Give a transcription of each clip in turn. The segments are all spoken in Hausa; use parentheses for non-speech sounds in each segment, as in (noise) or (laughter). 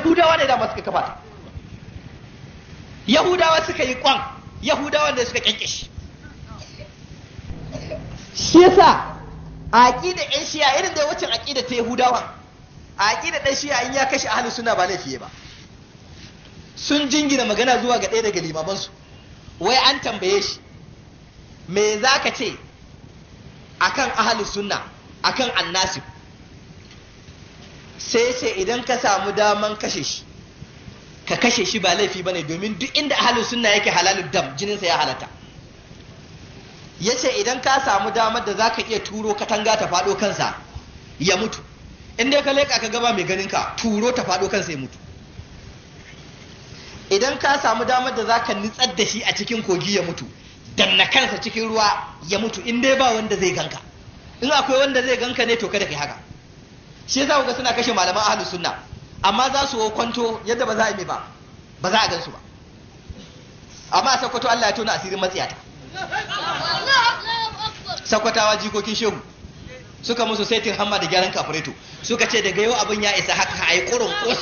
yahudawa ne dama suka kafa yahudawa suka yi kwan yahudawa ne suka kyankyash shi yasa a aƙida ɗan shiya irin da wacce aqida ta yahudawa a aƙida ɗan shiya in ya kashe ahalin suna ba laifiye ba sun jingina magana zuwa ga ɗaya daga limamansu wai an tambaye shi me za ka ce akan ahalin sunna akan annasib sai ce idan ka samu daman kashe shi ka kashe shi ba laifi bane domin duk inda ahlus sunna yake halalud dam sa ya halata yace idan ka samu damar da zaka iya turo katanga ta fado kansa ya mutu in dai ka leka ka gaba mai ganin ka turo ta fado kansa ya mutu idan ka samu damar da zaka nitsar da shi a cikin kogi ya mutu danna kansa cikin ruwa ya mutu in dai ba wanda zai ganka in akwai wanda zai ganka ne to kada kai haka shi ku ga suna kashe malaman ahlus sunna amma za su kwanto yadda ba za a yi ba ba za a gansu ba amma sakwato Allah ya tona asirin matsiyata sakwatawa jikokin shehu suka musu saitin hamma da gyaran kafureto suka ce daga yau abin ya isa haka a yi ƙurin ƙus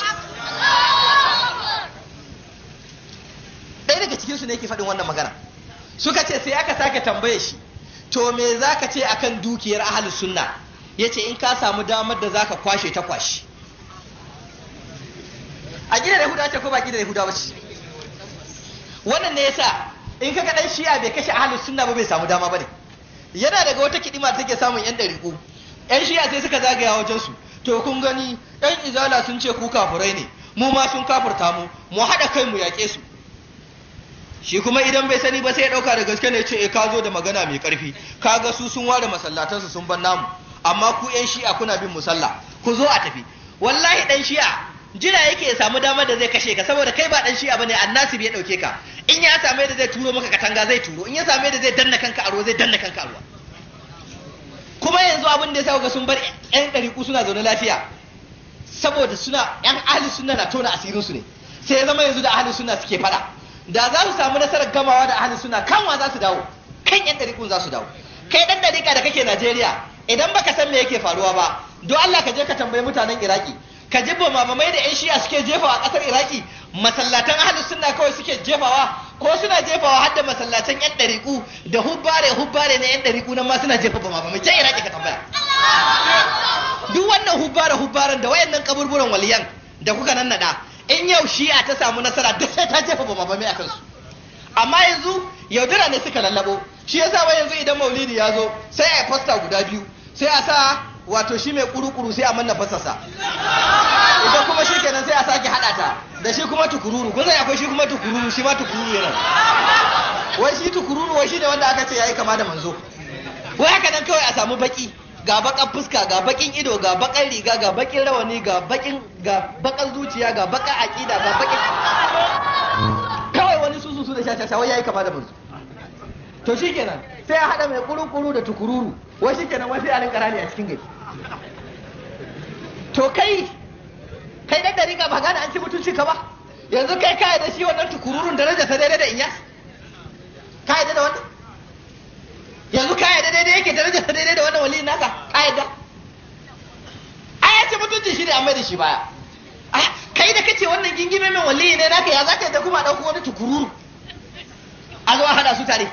ɗaya daga cikinsu ne ke faɗin wannan magana suka ce sai aka sake tambaye shi to me za ka ce akan dukiyar ahalus sunna Ya ce in ka samu damar da zaka kwashe ta kwashe a gidan yahuda ce ko ba gidan yahuda ba ce wannan ne yasa in ka dan shi'a bai kashe ahlus sunna ba bai samu dama bane yana daga wata kiɗima da take samun yan dariku yan shi'a sai suka zagaya wajen su to kun gani yan izala sun ce ku kafurai ne mu ma sun kafurta mu mu haɗa kai mu yaƙe su shi kuma idan bai sani ba sai ya ɗauka da gaske ne ce e ka zo da magana mai ƙarfi kaga su sun ware masallatansu sun bar namu amma ku yan shi'a kuna bin musalla ku zo a tafi wallahi ɗan shi'a jira yake ya samu damar da zai kashe ka saboda kai ba ɗan shi'a bane annasi ya ɗauke ka in ya samu yadda zai turo maka katanga zai turo in ya samu yadda zai danna kanka a ruwa zai danna kanka a ruwa kuma yanzu abin da ya sa sun bar yan ɗariƙu suna zaune lafiya saboda suna yan ahli sunna na tona asirin su ne sai ya zama yanzu da ahli sunna suke fada da za su samu nasarar gamawa da ahli sunna kanwa za su dawo kan yan ɗariƙun za su dawo kai ɗan ɗariƙa da kake Najeriya idan baka san me yake faruwa ba don Allah ka je ka tambayi mutanen Iraki ka ji bamabamai da 'yan shi'a suke jefawa a ƙasar Iraki masallatan ahlus sunna kawai suke jefawa ko suna jefawa har da masallatan 'yan ɗariƙu da hubbare hubbare na 'yan ɗariƙu nan ma suna jefa bamabamai can Iraki ka tambaya duk wannan hubbare hubbaren da wayannan kaburburan waliyan da kuka nan in yau shi'a ta samu nasara duk sai ta jefa bamabamai a kansu amma yanzu yaudara ne suka lallabo shi yasa wa yanzu idan maulidi ya zo sai a fasta guda biyu sai a sa wato shi mai kurukuru sai a manna fasasa idan kuma shi kenan sai a sake haɗa ta da shi kuma tukururu kun akwai shi kuma tukururu shi ma tukururu yana wai shi tukururu wai shi ne wanda aka ce yayi kama da manzo wai haka nan kawai a samu baki ga bakan fuska ga bakin ido ga bakan riga ga bakin rawani ga bakin ga bakan zuciya ga bakan aqida ga bakin kawai wani susu su da shashasha wai yayi kama da manzo to shikenan sai a hada mai kurukuru da tukururu wai shi kenan wasu sai a ne a cikin gari to kai kai dan dariƙa ba gane an ci mutunci ka ba yanzu kai ka da shi wannan tukururun daraja ta daidai da inyas ka yadda da wannan yanzu ka yadda daidai yake daraja ta daidai da wannan wali naka ka yadda ai ya ci mutunci shi ne an mai da shi baya ah, kai da kace wannan gingime mai waliyi ne naka ya zaka yadda kuma ɗauko wani tukururu a zo hada su tare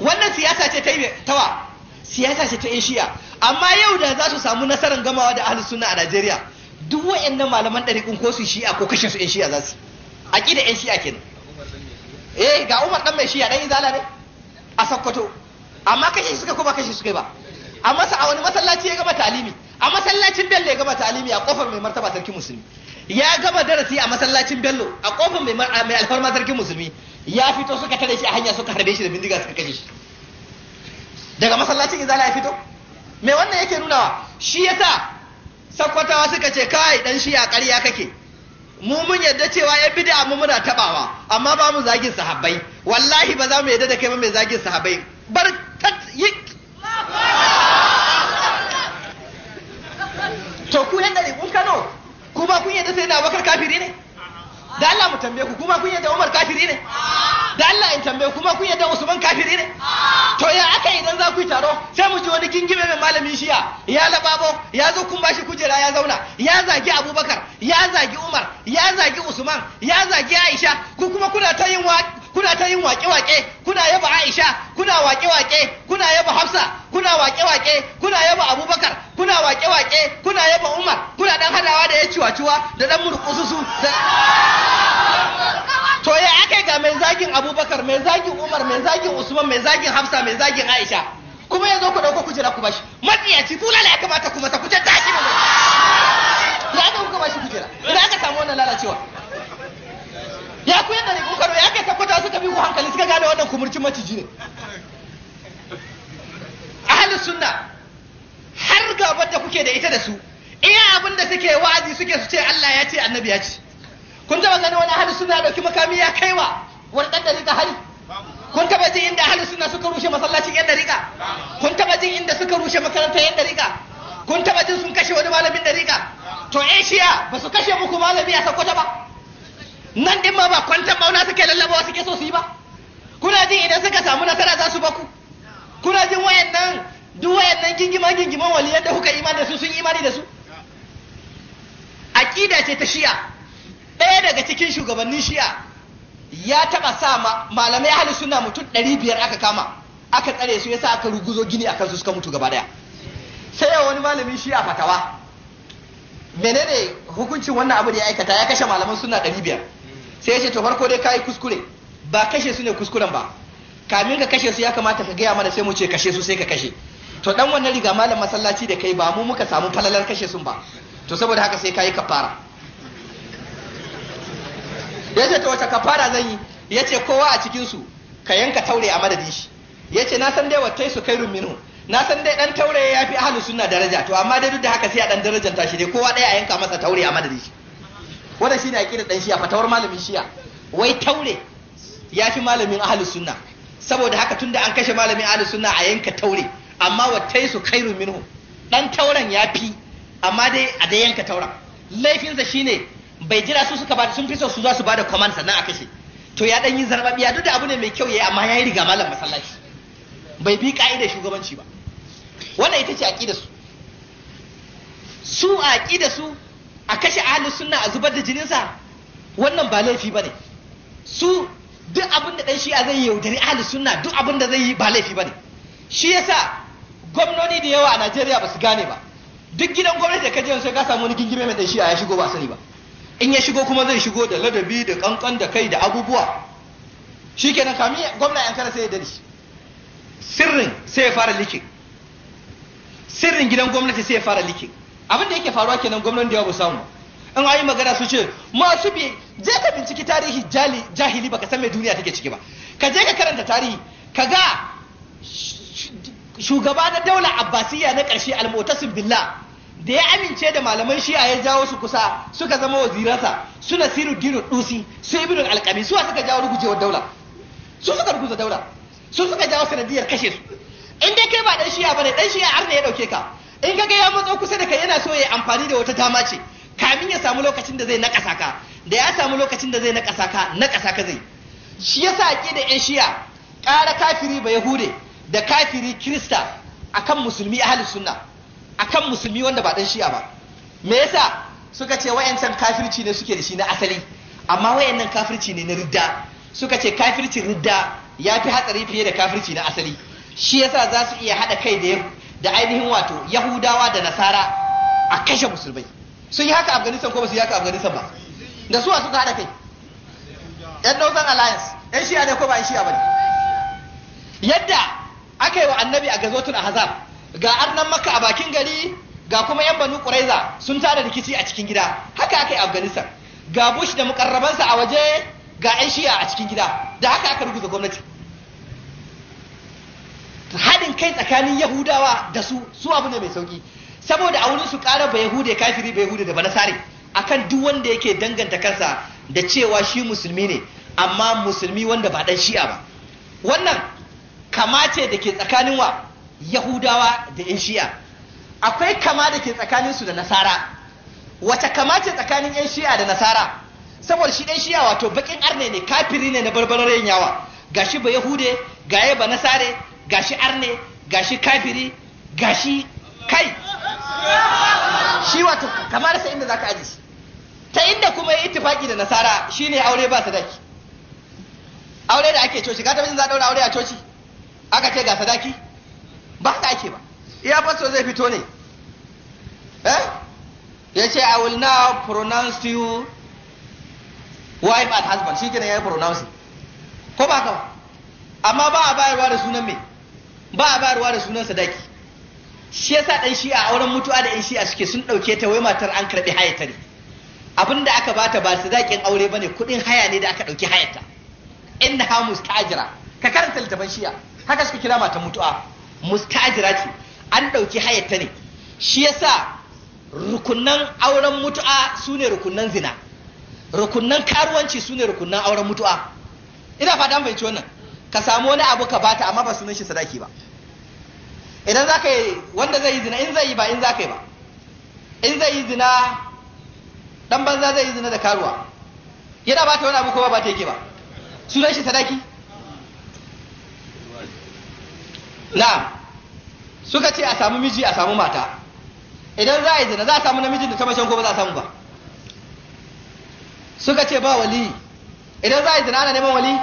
wannan siyasa ce ta tawa siyasa ce ta shi'a amma yau da za su samu nasarar gamawa da ahli sunna a Najeriya duk wayannan malaman ɗariƙun ko su shi'a ko kashin su yan shi'a za su aqida yan shi'a kenan eh ga Umar dan mai shi'a dan izala ne a Sokoto amma kashe suka kuma kashe suka ba a masa a wani masallaci ya gama talimi a masallacin Bello ya gama talimi a kofar mai martaba sarki musulmi ya gama darasi a masallacin Bello a kofar mai alfarma sarki musulmi ya fito suka tare shi a hanya suka harbe shi da bindiga suka kashe shi daga masallacin izala ya fito me wannan yake nunawa shi yasa sakkwatawa suka ce kai dan shi a ƙarya kake mu mun yadda cewa ya bid'a mu muna tabawa amma ba mu zagin sahabbai wallahi ba za mu yadda da kai mai zagin sahabbai bar yi to ku yan ne kun kano kuma kun yadda sai na bakar kafiri ne da Allah mu tambaye ku kuma kun yadda Umar kafiri ne da Allah in tambaye kuma kun yadda Usman kafiri ne to ya aka idan za ku yi taro sai mu ji wani gingime mai malamin shiya ya lababo ya zo kun bashi kujera ya zauna ya zagi Abubakar ya zagi Umar ya zagi Usman ya zagi Aisha ku kuma kuna ta yin wa kuna ta yin waƙe-waƙe kuna yaba Aisha kuna waƙe-waƙe kuna yaba Hafsa kuna waƙe-waƙe kuna yaba Abubakar kuna waƙe-waƙe kuna yaba Umar kuna dan hadawa da ya ciwa-ciwa da dan murkususu da to ya akai ga mai zagin Abubakar mai zagin Umar mai zagin Usman mai zagin Hafsa mai zagin Aisha kuma yanzu ku dauko kujera ku bashi matsiyaci tulala ya kamata ku mata ku tattaki da aka kuka bashi jira? Ina aka samu wannan lalacewa ya ku yadda ne karo ya kai sakwata suka bi ku hankali suka gane wannan kumurcin maciji ne ahli sunna har gabar da kuke da ita da su iya abin da suke wa'azi suke su ce Allah ya ce annabi ya ce kun taba gani wani ahli sunna dauki makami ya kaiwa wani dan dariƙa hali? kun taba jin inda ahli sunna suka rushe masallacin yan dariƙa kun taba jin inda suka rushe makarantar yan dariƙa kun taba jin sun kashe wani malamin dariƙa to eh shiya ba su kashe muku malami a sakwata ba nan din ma ba kwantar bauna suke lallabawa suke so su yi ba kuna jin idan suka samu nasara za su baku kuna jin wayannan duk wayannan gingima gingiman wali yadda kuka imani da su sun imani da su aqida ce ta shi'a ɗaya daga cikin shugabannin shi'a ya taɓa sa malamai ahli sunna mutum ɗari biyar aka kama aka tsare su yasa aka ruguzo gini a su suka mutu gaba daya sai ya wani malamin shi'a fatawa menene hukuncin wannan abu da ya aikata ya kashe malaman suna ɗari biyar sai ya ce to farko dai kai kuskure ba kashe su ne kuskuren ba kamin ka kashe su ya kamata ka gaya mana sai mu ce kashe su sai ka kashe to dan wannan riga malam masallaci da kai ba mu muka samu falalar kashe sun ba to saboda haka sai kai kafara yace to wata kafara zan yi yace kowa a cikin su ka yanka taure a madadin shi ce na san dai wattai su kai minhu na san dai dan taure ya fi ahlus sunna daraja to amma dai duk da haka sai a dan darajar tashi dai kowa dai a yanka masa taure a madadin shi wannan shine aqidar ɗan shiya, fatawar malamin shiya, wai taure ya fi malamin ahlus sunna saboda haka tunda an kashe malamin ahlus sunna a yanka taure amma wattai su kairu minhu dan tauren ya fi amma dai a dai yanka tauren laifinsa shine bai jira su suka bada sun fi so su za su bada command sannan a kashe to ya dan yi zarbabiya duk da abu ne mai kyau yayi amma yayi riga malam masallaci bai bi ka'idar shugabanci ba wannan ita ce aqidar su su aqidar su a kashe ahalus sunna a zubar da jininsa wannan ba laifi bane su duk abin da dan shi'a zai yaudari ahalus sunna duk abin da zai yi ba laifi bane shi yasa gwamnoni da yawa a Najeriya ba su gane ba duk gidan gwamnati da kaje sai ka samu wani gingime mai dan shi'a ya shigo ba sani ba in ya shigo kuma zai shigo da ladabi da kankan da kai da abubuwa shikenan kami gwamna yan kara sai ya dadi sirrin sai ya fara likin sirrin gidan gwamnati sai ya fara likin. abin da yake faruwa kenan gwamnan da yawa samu in ayi magana su ce masu bi je ka binciki tarihi jahili baka san me duniya take ciki ba ka je ka karanta tarihi ka ga shugaba na daular abbasiyya na ƙarshe almotasin billah da ya amince da malaman shi'a ya jawo su kusa suka zama waziransa su nasiru dinu dusi su ibn alƙami suwa suka jawo rugujewar daula su suka ruguza daula su suka jawo sanadiyar kashe su in dai kai ba dan shi'a bane dan shi'a har ne ya dauke ka in ka ga ya matso kusa da kai yana so ya amfani da wata dama ce kamin ya samu lokacin da zai nakasa ka da ya samu lokacin da zai nakasa ka na ka zai shi yasa ake da yan shiya ƙara kafiri ba yahude da kafiri kirista akan musulmi ahli sunna akan musulmi wanda ba dan shiya ba me yasa suka ce wayancan kafirci ne suke da shi na asali amma wayannan kafirci ne na ridda suka ce kafircin ridda ya fi hatsari fiye da kafirci na asali shi yasa za su iya haɗa kai da da ainihin wato yahudawa da nasara a kashe musulmai sun yi haka afghanistan ko ba su yi haka afghanistan ba da su a suka haɗa kai yan northern alliance yan shi'a ne ko ba yan a ba yadda aka yi wa annabi a gazotun ahzab ga arnan maka a bakin gari ga kuma yan banu quraiza sun tara rikici a cikin gida haka aka yi afghanistan ga bush da mukarrabansa a waje ga yan shi'a a cikin gida da haka aka ruguza gwamnati haɗin kai tsakanin yahudawa da su su abu ne mai sauki saboda a wurin su ƙara ba yahude kafiri ba yahude da ba nasari akan duk wanda yake danganta kansa da cewa shi musulmi ne amma musulmi wanda ba dan shi'a ba wannan kama ce da ke tsakanin wa yahudawa da yan shi'a akwai kama da ke tsakanin su da nasara wace kama ce tsakanin yan shi'a da nasara saboda shi ɗan shi'a wato bakin arne ne kafiri ne na barbararen yawa gashi ba yahude gaye ba nasare gashi arne gashi kafiri gashi kai shi wato kamar sai inda zaka aji shi ta inda kuma ya ittifaki da nasara shine aure ba sadaki aure da ake coci ka taɓa jin za daura aure a coci aka ce ga sadaki ba haka ake ba iya fasto zai fito ne eh ya ce i will now pronounce you wife and husband shi kenan ya yi pronouncing ko ba haka ba amma ba a bayarwa da sunan me ba a bayarwa da sunan sadaki shi yasa dan shi'a a auren mutuwa da yan shi'a suke sun dauke ta wai matar an karbi hayata ne abin da aka bata ba sadakin aure bane kudin haya ne da aka dauki hayata inna ha mustajira ka karanta littafin shi'a haka suka kira matar mutuwa mustajira ce an dauki hayata ne shi yasa rukunan auren mutuwa sune rukunan zina rukunan karuwanci sune rukunan auren mutuwa. ina bai fahimci wannan ka samu wani abu ka bata amma ba sunan shi sadaki ba idan za ka yi wanda zai yi zina in zai yi ba in za ka yi ba in zai yi zina dan banza zai yi zina da karuwa yana ba ta wani abu ko ba ta yake ba sunan shi sadaki Na, suka ce a samu miji a samu mata idan za a yi zina za a samu namijin da ta macen ko ba za a samu ba suka ce ba wali idan za a yi zina ana neman wali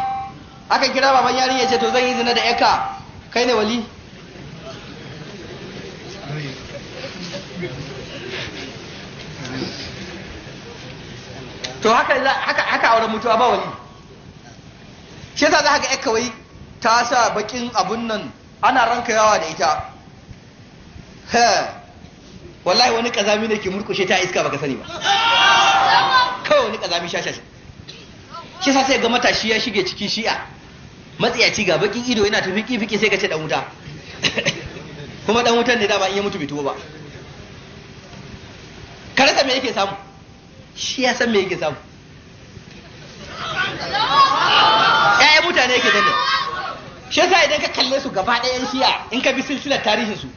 aka kira baban yarin ya ce to zan yi zina da yaka kai ne wali to haka haka haka auren mutuwa ba wani shi yasa za ka ga kawai ta sa bakin abun nan ana ranka yawa da ita ha wallahi wani kazami ne ke murkushe ta iska baka sani ba kawai wani kazami shashashi shi yasa sai ga matashi ya shige cikin shi'a matsiyaci ga bakin ido yana tafi fiki sai ka ce dan wuta (laughs) kuma dan wutan ne dama in ya mutu bai tuwo ba ka me yake samu shi ya san me yake samu ya'ya mutane yake danne shi yasa idan ka kalle su gaba ɗaya shiya in ka bi silsilar tarihin su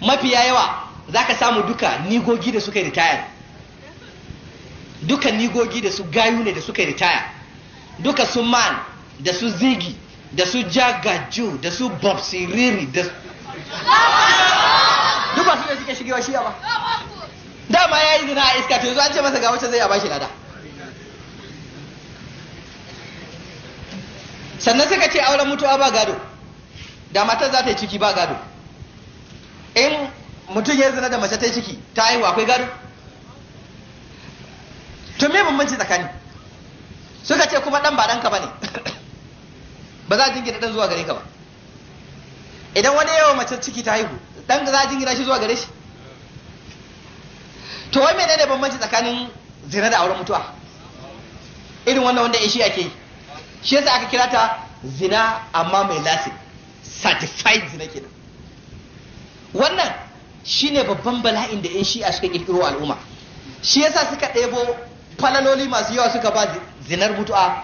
mafiya yawa za ka samu duka nigogi da suka ritaya duka nigogi da su gayu ne da suka ritaya duka su man da su zigi da su jagaju da su bob siriri da su Duka su ne suke shigewa shiya ba dama ya yi zina a iska to yanzu an ce masa ga wacce zai a bashi lada sannan suka ce auren mutuwa ba gado da matar za ta yi ciki ba gado in mutum ya zina da mace ta yi ciki ta haihu akwai gado to me bambanci tsakani suka ce kuma dan ba danka bane (coughs) ba za a jingina dan zuwa gare ka ba idan wani yawa mace ciki ta haihu dan za a jingina shi zuwa gare shi to wai menene bambanci tsakanin zina da auren mutuwa irin wannan wanda ya shi ake yi shi yasa aka kira ta zina amma mai lasin certified zina kenan wannan shine babban bala'in da yan shi'a suka kirkiro al'umma shi yasa suka ɗebo falaloli masu yawa suka ba zinar mutuwa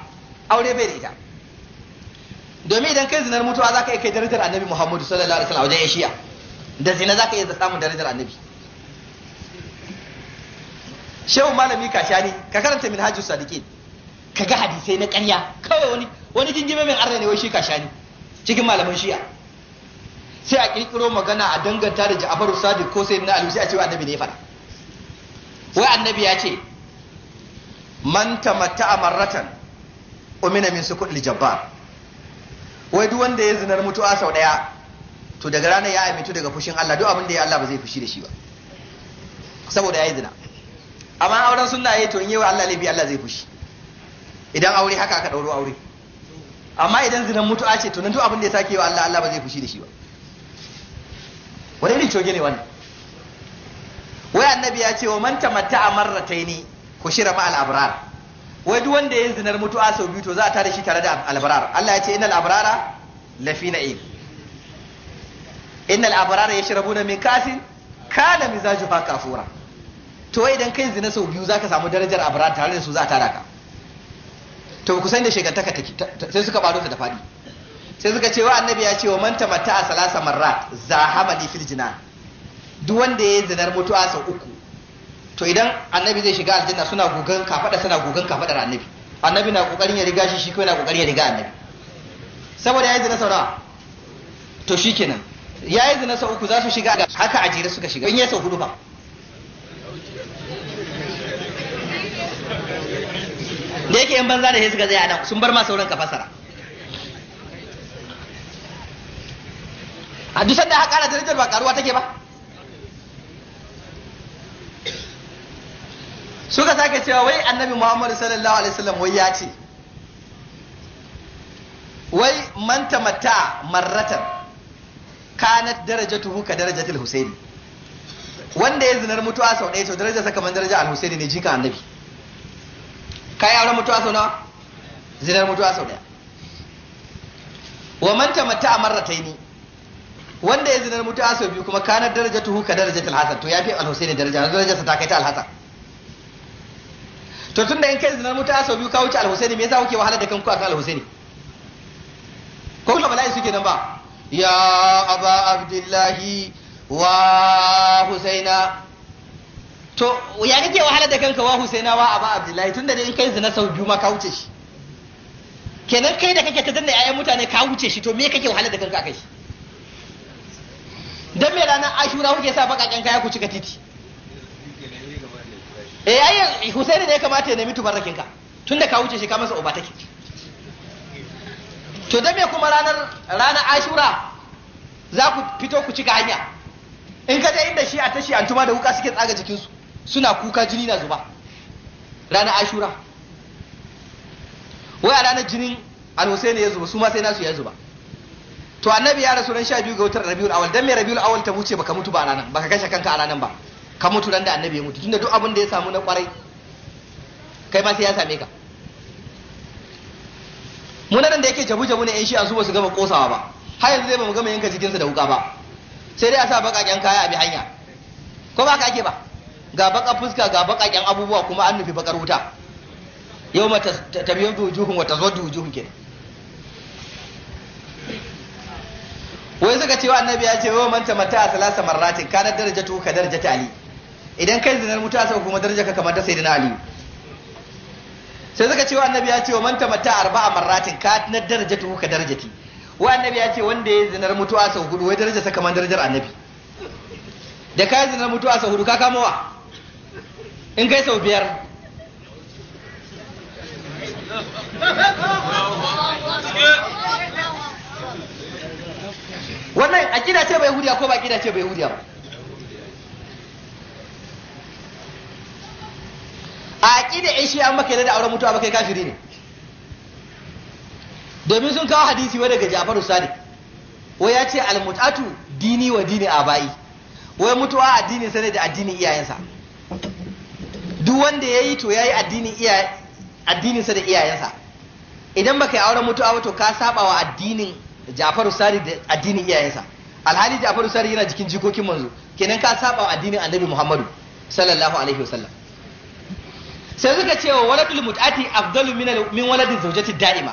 aure bai da ita domin idan kai zinar za zaka iya kai darajar annabi Muhammadu sallallahu alaihi wasallam wajen yan shi'a da zina zaka iya samun darajar annabi shehu malami kashani ka karanta minhajus sadiqin ka ga hadisai na ƙarya kawai wani wani jingime mai arna ne wai shi kashani cikin malaman shi'a sai a kirkiro magana a danganta da Ja'faru Sadiq ko sai na Alusi a cewa annabi ne fara wai annabi ya ce man tamatta marratan umina min sukul jabbar wai duk wanda ya zinar mutuwa sau daya to daga ranar ya amintu daga fushin Allah duk abin da ya Allah ba zai fushi da shi ba saboda ya yi zina amma auren sunna yayi to in yayi Allah laifi Allah zai fushi idan aure haka aka dauro aure amma idan zinan mutu'a ce to nan duk abin da ya sake wa Allah Allah ba zai fushi da shi ba wani ne coge ne wannan wai annabi ya ce wa man ne ku kushira ma al-abrar wai duk wanda ya zinar mutu'a sau biyu to za a tare shi tare da al-abrar Allah ya ce innal abrara lafi na'im innal abrara yashrabuna min kasin kana mizajuha kafura to wai idan kai zina sau biyu zaka samu darajar abrar tare da su za a tara ka to ku san da shekantaka take sai suka baro ta da fadi sai suka ce wa annabi ya ce wa man tamatta a salasa marrat zahamani fil jinan duk wanda ya yi zinar mutuwa sau uku to idan annabi zai shiga aljanna suna gugan kafada suna gugan kafadar annabi annabi na kokarin ya riga shi shi kai na kokarin ya riga annabi saboda ya yi zina sau nawa to shikenan ya yi zina sau uku za su shiga haka a suka shiga in ya sau hudu fa da yake yan banza da suka zai nan sun bar ma sauran ka fasara a duk sanda haƙa da darajar ba karuwa take ba suka sake cewa wai annabi muhammadu sallallahu alaihi wasallam wai ya ce wai manta mata marratan kanat darajatuhu ka darajatul husaini wanda ya zinar mutuwa sau ɗaya to darajarsa kamar daraja al-husaini ne jika annabi kai auren mutuwa sau nawa zinar mutuwa sau ɗaya. wa man tamatta ne wanda ya zinar mutuwa sau biyu kuma daraja tuhu ka darajatul hasan to yafi al-husaini daraja sa ta kai ta al To tun da in kai zinar mutuwa sau biyu ka wuce al me yasa kuke wahala da kanku akan al-husaini ko kuma bala'i suke nan ba ya aba abdullahi wa husaina to ya kake wahala da kanka wa Husainawa a ba Abdullahi tunda dai in kai zina sau biyu ma ka wuce shi kenan kai da kake ta danna ƴaƴan mutane ka wuce shi to me kake wahala da kanka kai dan me ranar Ashura kuke sa bakakken kaya ku cika titi eh ai Husaini ne ya kamata ya nemi tubarrakin ka tunda ka wuce shi ka masa oba take to dan me kuma ranar ranar Ashura za ku fito ku cika hanya in ka je inda shi a tashi antuma da wuka suke tsaga jikinsu suna kuka jini na zuba ranar ashura wai a ranar jinin al ne ya zuba su ma sai nasu ya zuba to annabi ya rasu ran biyu ga wutar rabiul awal dan me rabiul awal ta wuce baka mutu ba a ranar baka kashe kanka a ranar ba ka mutu ran da annabi ya mutu tunda duk abin da ya samu na kwarai kai ma sai ya same ka mu nan da yake jabu jabu ne yan shi su ba su gama kosawa ba har yanzu zai ba mu gama yanka jikinsa da wuka ba sai dai a sa baƙaƙen kaya a bi hanya ko ba ka ake ba ga baka fuska ga kyan abubuwa kuma an nufi bakar wuta yau ma tabiyar dujuhun wata zo dujuhun ke wai suka cewa annabi ya ce yau manta mata a salasa marratin kanar daraja tu ka daraja ali idan kai zinar mutu sau kuma daraja ka kamar ta sai dina Aliyu. sai suka cewa annabi ya ce manta mata arba'a marratin kanar daraja tu ka daraja ti wa annabi ya ce wanda ya zinar mutu sau hudu wai daraja sa kamar darajar annabi da kai zinar mutu sau hudu ka kama wa in kai sau biyar wannan a akida ce bai hudiya ko ba akida ce bai hudiya ba a akida in shi an maka yadda da auren mutuwa maka kafiri ne domin sun kawo hadisi wa daga Jafaru Sadiq wai ya ce almutatu dini wa dini a bayi wai mutuwa addini sane da addinin iyayensa duk wanda ya yi to ya yi addininsa da iyayensa idan baka yi auren mutuwa ba to ka saba wa addinin Ja'faru Sari da addinin iyayensa alhali Ja'faru Sari yana jikin jikokin manzo kenan ka saba wa addinin Annabi Muhammadu sallallahu alaihi wasallam sai suka ce wa waladul mut'ati afdalu min min da'ima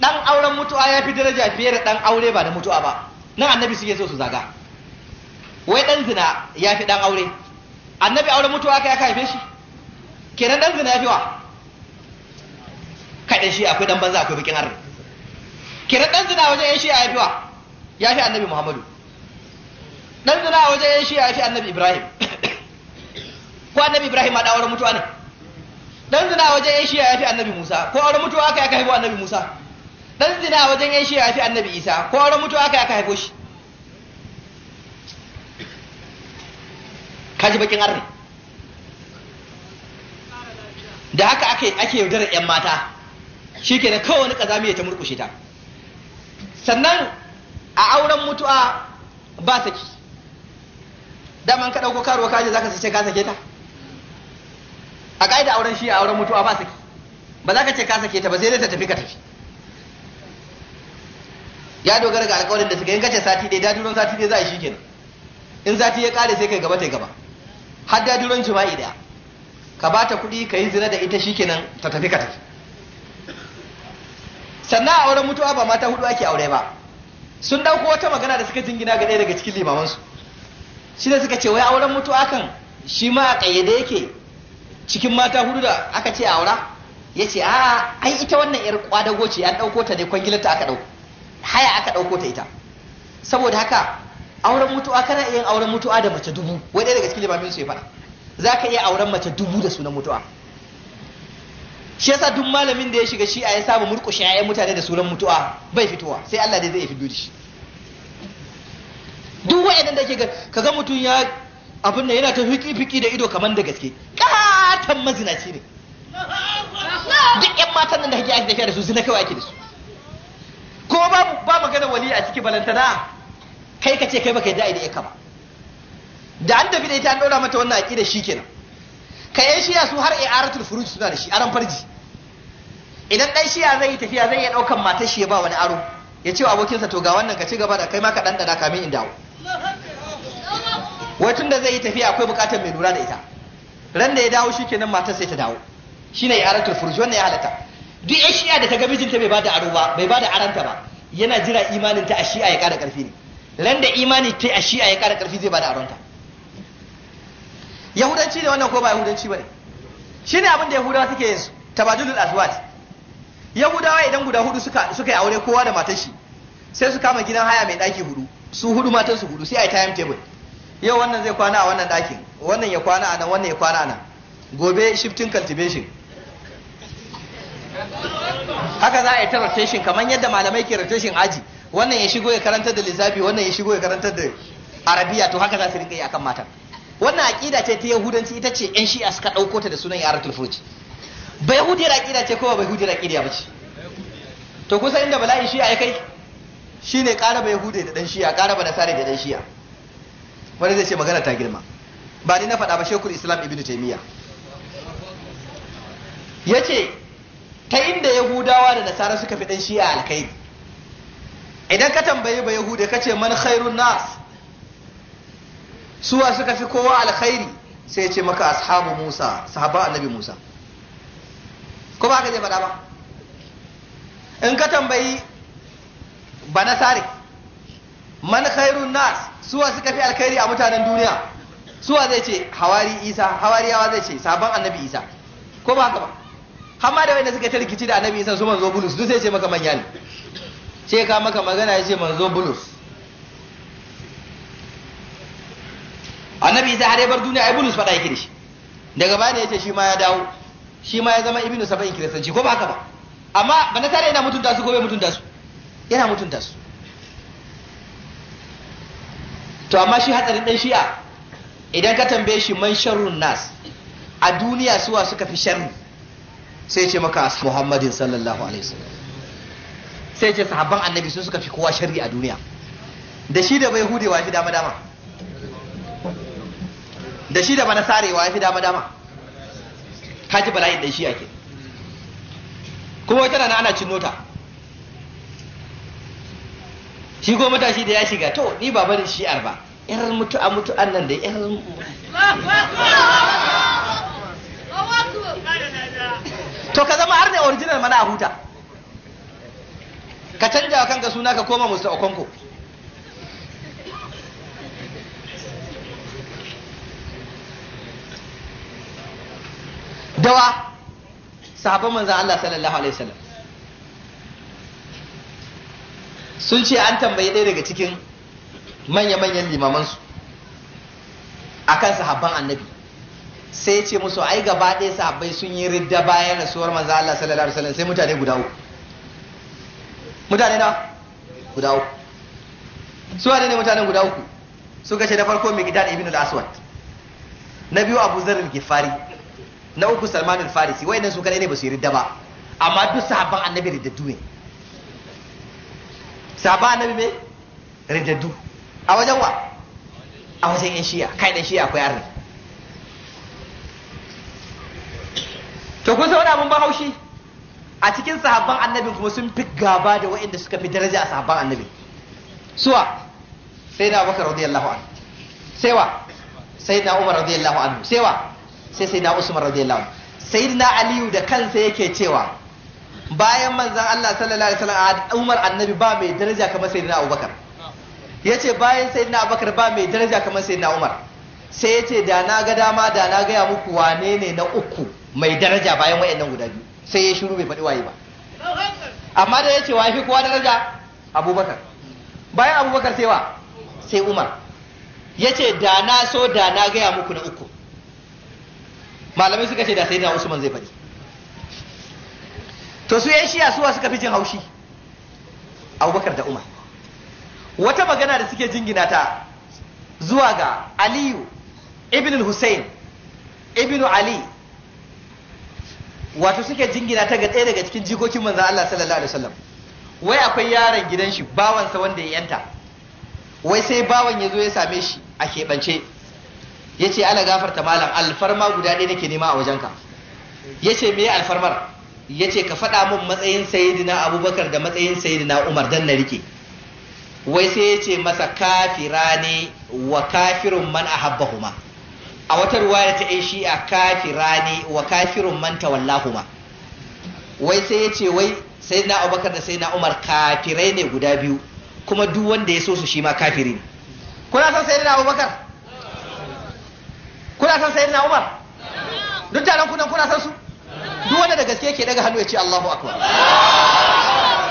dan auren mutuwa ya fi daraja fiye da dan aure ba da mutuwa ba nan annabi suke so su zaga wai dan zina ya fi ɗan aure annabi auren mutuwa aka ya haife shi kenan dan zina yafiwa kaɗai shi akwai dan banza akwai bikin harin. kenan dan zina wajen yan shi yafiwa ya fi annabi muhammadu dan zina wajen yan shi ya fi annabi ibrahim (coughs) ko annabi ibrahim ma da auren mutuwa ne dan zina wajen yan shi ya fi annabi musa ko auren mutuwa aka ya haifi annabi musa dan zina wajen yan shi ya fi annabi isa ko auren mutuwa aka ya haifo shi kaji bakin arni da haka ake ake yaudarar yan mata shi ke da kawai wani kazami ya ta murkushe ta sannan a auren mutuwa ba saki daman ka ɗauko karuwa kaje ka sace ka sake ta a ƙa'ida auren shi a auren mutuwa ba saki ba za ka ce ka sake ta ba sai dai ta tafi ka tafi ya dogara ga alƙawarin da suka yin kace sati ɗaya da duron sati ɗaya za a yi kenan in sati ya kare sai kai gaba ta gaba har da duran jima'i da ka bata kuɗi ka yi zina da ita shikenan ta tafi ka tafi sannan a auren mutuwa ba mata hudu ake aure ba sun dauko wata magana da suka jingina ga ɗaya daga cikin limamansu shi da suka ce wai auren mutuwa kan shi ma a ƙayyade yake cikin mata hudu da aka ce aura ya ce a ai ita wannan yar kwadago ce an ɗauko ta ne kwangilarta aka ɗauko haya aka ɗauko ta ita saboda haka auren mutu'a kana iya yin auren mutu'a da mace dubu wai ɗaya daga cikin limamin su ya faɗa za ka iya auren mace dubu da sunan mutu'a shi yasa duk malamin da ya shiga shi a ya saba murƙushe yi mutane da sunan mutu'a bai fitowa sai Allah dai zai fito da shi duk wa'annan da ke ga kaga mutum ya abin nan yana ta fiki fiki da ido kamar da gaske katan mazinaci ne duk yan matan nan da kake aiki da su zina kawai ake da su ko ba ba magana wali a ciki balantana kai ka ce kai baka yadda a da ka ba da an tafi da ita an dora mata wannan aqida shi kenan ka yan shiya su har i'aratul furuj suna da shi aran farji idan ɗan shiya zai yi tafiya zai ya daukan matar shi ya ba wani aro ya ce wa abokinsa to ga wannan ka ci gaba da kai ma ka ɗanɗana kamin in dawo wai tun da zai yi tafiya akwai buƙatar mai lura da ita ran da ya dawo shi kenan matar sai ta dawo shine i'aratul furuj wannan ya halatta duk yan shiya da ta ga mijinta bai ba da aro ba bai ba da aranta ba yana jira imanin ta a shi'a ya kada karfi ne Landa imani ta a shi'a ya ƙara ƙarfi zai bada aronta yahudanci ne wannan ko ba yahudanci ba ne shi ne abin da yahudawa suke yin tabajulul azwaj yahudawa idan guda hudu suka suka yi aure kowa da matar shi sai su kama gidan haya mai ɗaki hudu su hudu matan su hudu sai a yi time table yau wannan zai kwana a wannan ɗakin wannan ya kwana a nan wannan ya kwana a nan gobe shifting cultivation haka za a yi ta rotation kamar yadda malamai ke rotation aji wannan ya shigo ya karanta da lissafi wannan ya shigo ya karanta da arabiya to haka za su rika yi akan matan wannan aqida ce ta yahudanci ita ce yan shi'a suka dauko ta da sunan yaratul furuj ba yahudiyar aqida ce kowa ba yahudiyar aqida ba ce to kusa inda bala'in shi'a ya kai shine ƙara ba yahude da dan shi'a ƙara ba nasare da dan shi'a wani zai ce magana ta girma ba ni na faɗa ba shekul islam ibnu taymiya yace ta inda yahudawa da nasara suka fi dan shi'a alkhairi idan ka tambayi ba yahude ka ce man khairun nas suwa suka fi kowa alkhairi sai ce maka ashabu musa sahaba annabi musa ko ba ka je faɗa ba in ka tambayi ba Sare man khairun nas suwa suka fi alkhairi a mutanen duniya suwa zai ce hawari isa hawariyawa zai ce sabon annabi isa ko ba ka ba hamma da wanda suka ta rikici da annabi isa su manzo bulus duk sai ce maka manya ne sai ka maka magana ya ce manzo bulus annabi isa har ya bar duniya ai bulus faɗa yake da shi daga baya ne ya ce shi ma ya dawo shi ma ya zama ibnu saba'in kiristanci ko ba haka ba amma ba na tare yana mutunta su ko bai mutunta su yana mutunta su to amma shi hatsarin dan shi'a idan ka tambaye shi man sharrun nas a duniya suwa suka fi sharri sai ce maka muhammadin sallallahu alaihi wasallam sai ce sahabban annabi sun suka fi kowa sharri a duniya da shi da bai hudewa fi dama dama da shi da bana sarewa ya fi dama dama ji bala'in da shi ake kuma wata rana ana cin nota shi ko matashi da ya shiga to ni ba barin shi'ar ba yar mutu a mutu an nan da yar to ka zama har ne original mana a huta ka canja kanka suna ka koma musta Okonko dawa sahabban manzan Allah sallallahu alaihi wasallam sun ce an tambayi ɗaya daga cikin manya-manyan limamansu akan sahabban annabi sai ce musu ai gaba ɗaya sahabbai sun yi ridda bayan rasuwar manzan Allah sallallahu alaihi wasallam sai mutane guda uku mutane na guda uku su ne mutanen guda uku Su kashe na farko mai gidan ibn al-aswad na biyu abu zarar gifari na uku salman al-farisi wayannan su kadai ne ba su yi ridda ba amma duk sahabban annabi riddaddu ne sahabban annabi me du. a wajen wa a wajen yan shiya kai da shiya akwai arni to kun san wani abun ba haushi a cikin sahabban annabin kuma sun fi gaba da waɗanda suka fi daraja a sahabban annabi. suwa sai na abubakar radiyallahu anhu sai wa sai na umar radiyallahu anhu sai wa sai sai na usman radiyallahu anhu sai na aliyu da kansa yake cewa bayan manzan Allah sallallahu alaihi wasallam umar annabi ba mai daraja kamar sai na abubakar yace bayan sai na abubakar ba mai daraja kamar sai na umar sai yace da na ga dama da na gaya muku wane ne na uku mai daraja bayan wayannan guda biyu sai ya shiru bai faɗi waye ba amma da ya ce wa fi kowa daraja abubakar bayan abubakar sai wa sai umar ya ce da na so da na gaya muku na uku malamai suka ce da sai da usman zai faɗi to su yan shiya suwa suka fi jin haushi abubakar da umar wata magana da suke jingina ta zuwa ga aliyu ibn hussein ibn ali wato suke jingina ta ga ɗaya daga cikin jikokin manzon Allah sallallahu alaihi wasallam wai akwai yaron gidan shi bawansa wanda ya yanta wai sai bawan ya zo ya same shi a keɓance ya ce ala gafarta malam alfarma guda ɗaya nake nema a wajenka ya ce me alfarmar ya ce ka faɗa min matsayin sayidina abubakar da matsayin sayidina umar dan na rike wai sai ya ce masa kafira ne wa kafirun man ahabbahuma a wata ruwaya ta shi a kafira ne wa kafirun manta wallahuma wai sai ya ce wai sai na abubakar da sai na umar kafirai ne guda biyu kuma duk wanda ya so su shi ma kafiri ne kuna son sai na abubakar kuna son sai na umar duk taron kuna kuna son su duk wanda da gaske ke daga hannu ya ce allahu akbar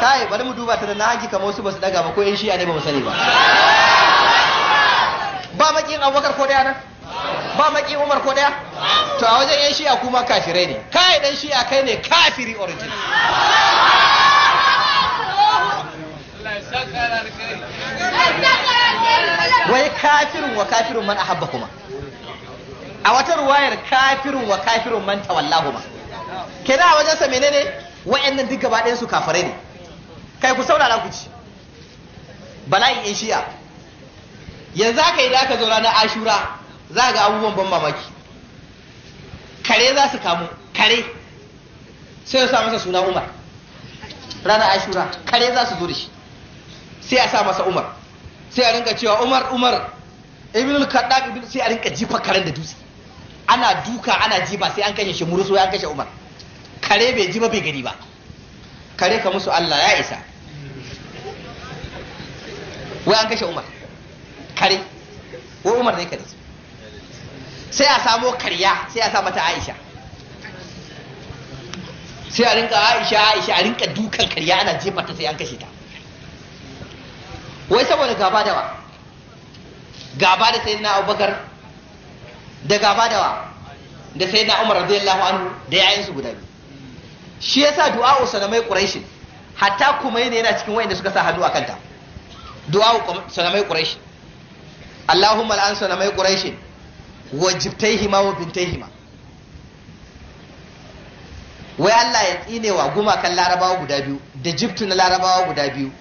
kai bari mu duba ta da na hanki kamar su ba su daga ba ko ‘yan shi'a ne ba mu sani ba ba makin abubakar ko da yanar ba maki umar ko daya to a wajen yan shi'a kuma kafirai ne kai dan shi'a kai ne kafiri origin wai kafirin wa kafirin man ahabba kuma a wata ruwayar kafirin wa kafirin man tawallahu ma kina a sa menene wayannan duk gaba su kafirai ne kai ku saurara ku ci bala'i yan shi'a yanzu aka yi da aka zo ranar ashura za ga abubuwan ban mamaki kare za su kamu kare sai ya sa masa suna umar ranar ashura kare za su zo da shi sai a sa masa umar sai a rinka cewa umar umar ibnul kaddaq ibn sai a rinka jifa karen da dutse ana duka ana jifa sai an kashe shi murusu an kashe umar kare bai ji ba bai gari ba kare ka musu Allah ya isa wai an kashe umar kare wai umar ne kare sai a samo karya sai a samu ta aisha sai a rinka aisha aisha a rinka dukan karya ana jefa ta sai an kashe ta wai saboda gaba da wa gaba da sayyidina abubakar da gaba da wa da sayyidina umar radiyallahu anhu da yayin su guda biyu shi yasa du'a usanamai quraish hatta kuma yana cikin wayanda suka sa hannu akan ta du'a usanamai quraish Allahumma al'an sanamai quraish wa jibtaihima wa bintaihima wai Allah ya tsine wa gumakan larabawa guda biyu da jibtu na larabawa guda biyu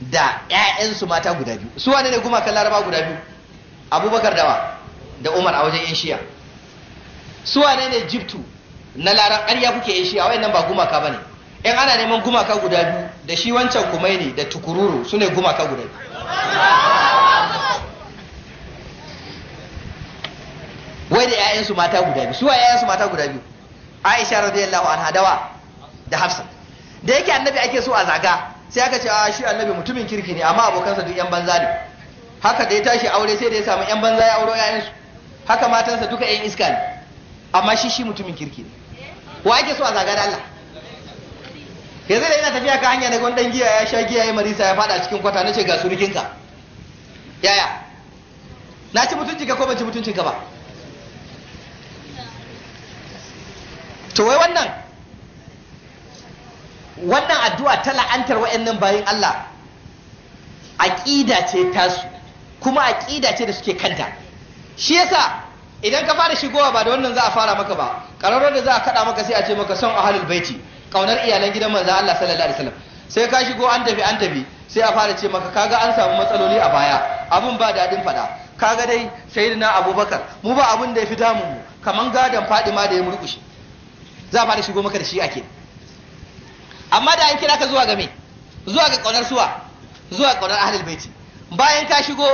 da ‘ya'yansu mata guda biyu su wane ne gumakan larabawa guda biyu abubakar dawa da umar a wajen yan shiya su wane ne jibtu na larabawa ƙarya kuke yan shiya wayannan ba gumaka ba ne ‘yan ana neman gumaka guda biyu da shi wancan kumaini da tukururu su ne gumaka guda biyu wai da ƴaƴansu mata guda biyu su wa ƴaƴansu mata guda biyu Aisha radiyallahu anha dawa da Hafsa da yake annabi ake so a zaga sai aka ce a shi annabi mutumin kirki ne amma abokansa duk ƴan banza ne haka da ya tashi aure sai da ya samu ƴan banza ya auro ƴaƴansu haka matansa duka ƴan iska ne amma shi shi mutumin kirki ne wa ake so a zaga da Allah yanzu da ina tafiya ka hanya daga wani dan giya ya sha giya ya marisa ya fada cikin kwata nace ga surukinka yaya na ci mutuncinka ko ban ci mutuncinka ba to wai wannan wannan addu'a ta la'antar wa'annan bayin Allah aqida ce tasu kuma aqida ce da suke kanta shi yasa idan ka fara shigowa ba da wannan za a fara maka ba ƙararrar da za a kada maka sai a ce maka son ahlul baiti ƙaunar iyalan gidan manzo Allah sallallahu alaihi wasallam sai ka shigo an tafi an tafi sai a fara ce maka kaga an samu matsaloli a baya abun ba daɗin faɗa kaga dai sayyidina abubakar mu ba abun da ya fita mu kaman gadon fadima da ya murkushe za a fara shigo maka da shi ake amma da an kira ka zuwa ga me zuwa ga kaunar suwa zuwa ga kaunar ahlul baiti bayan ka shigo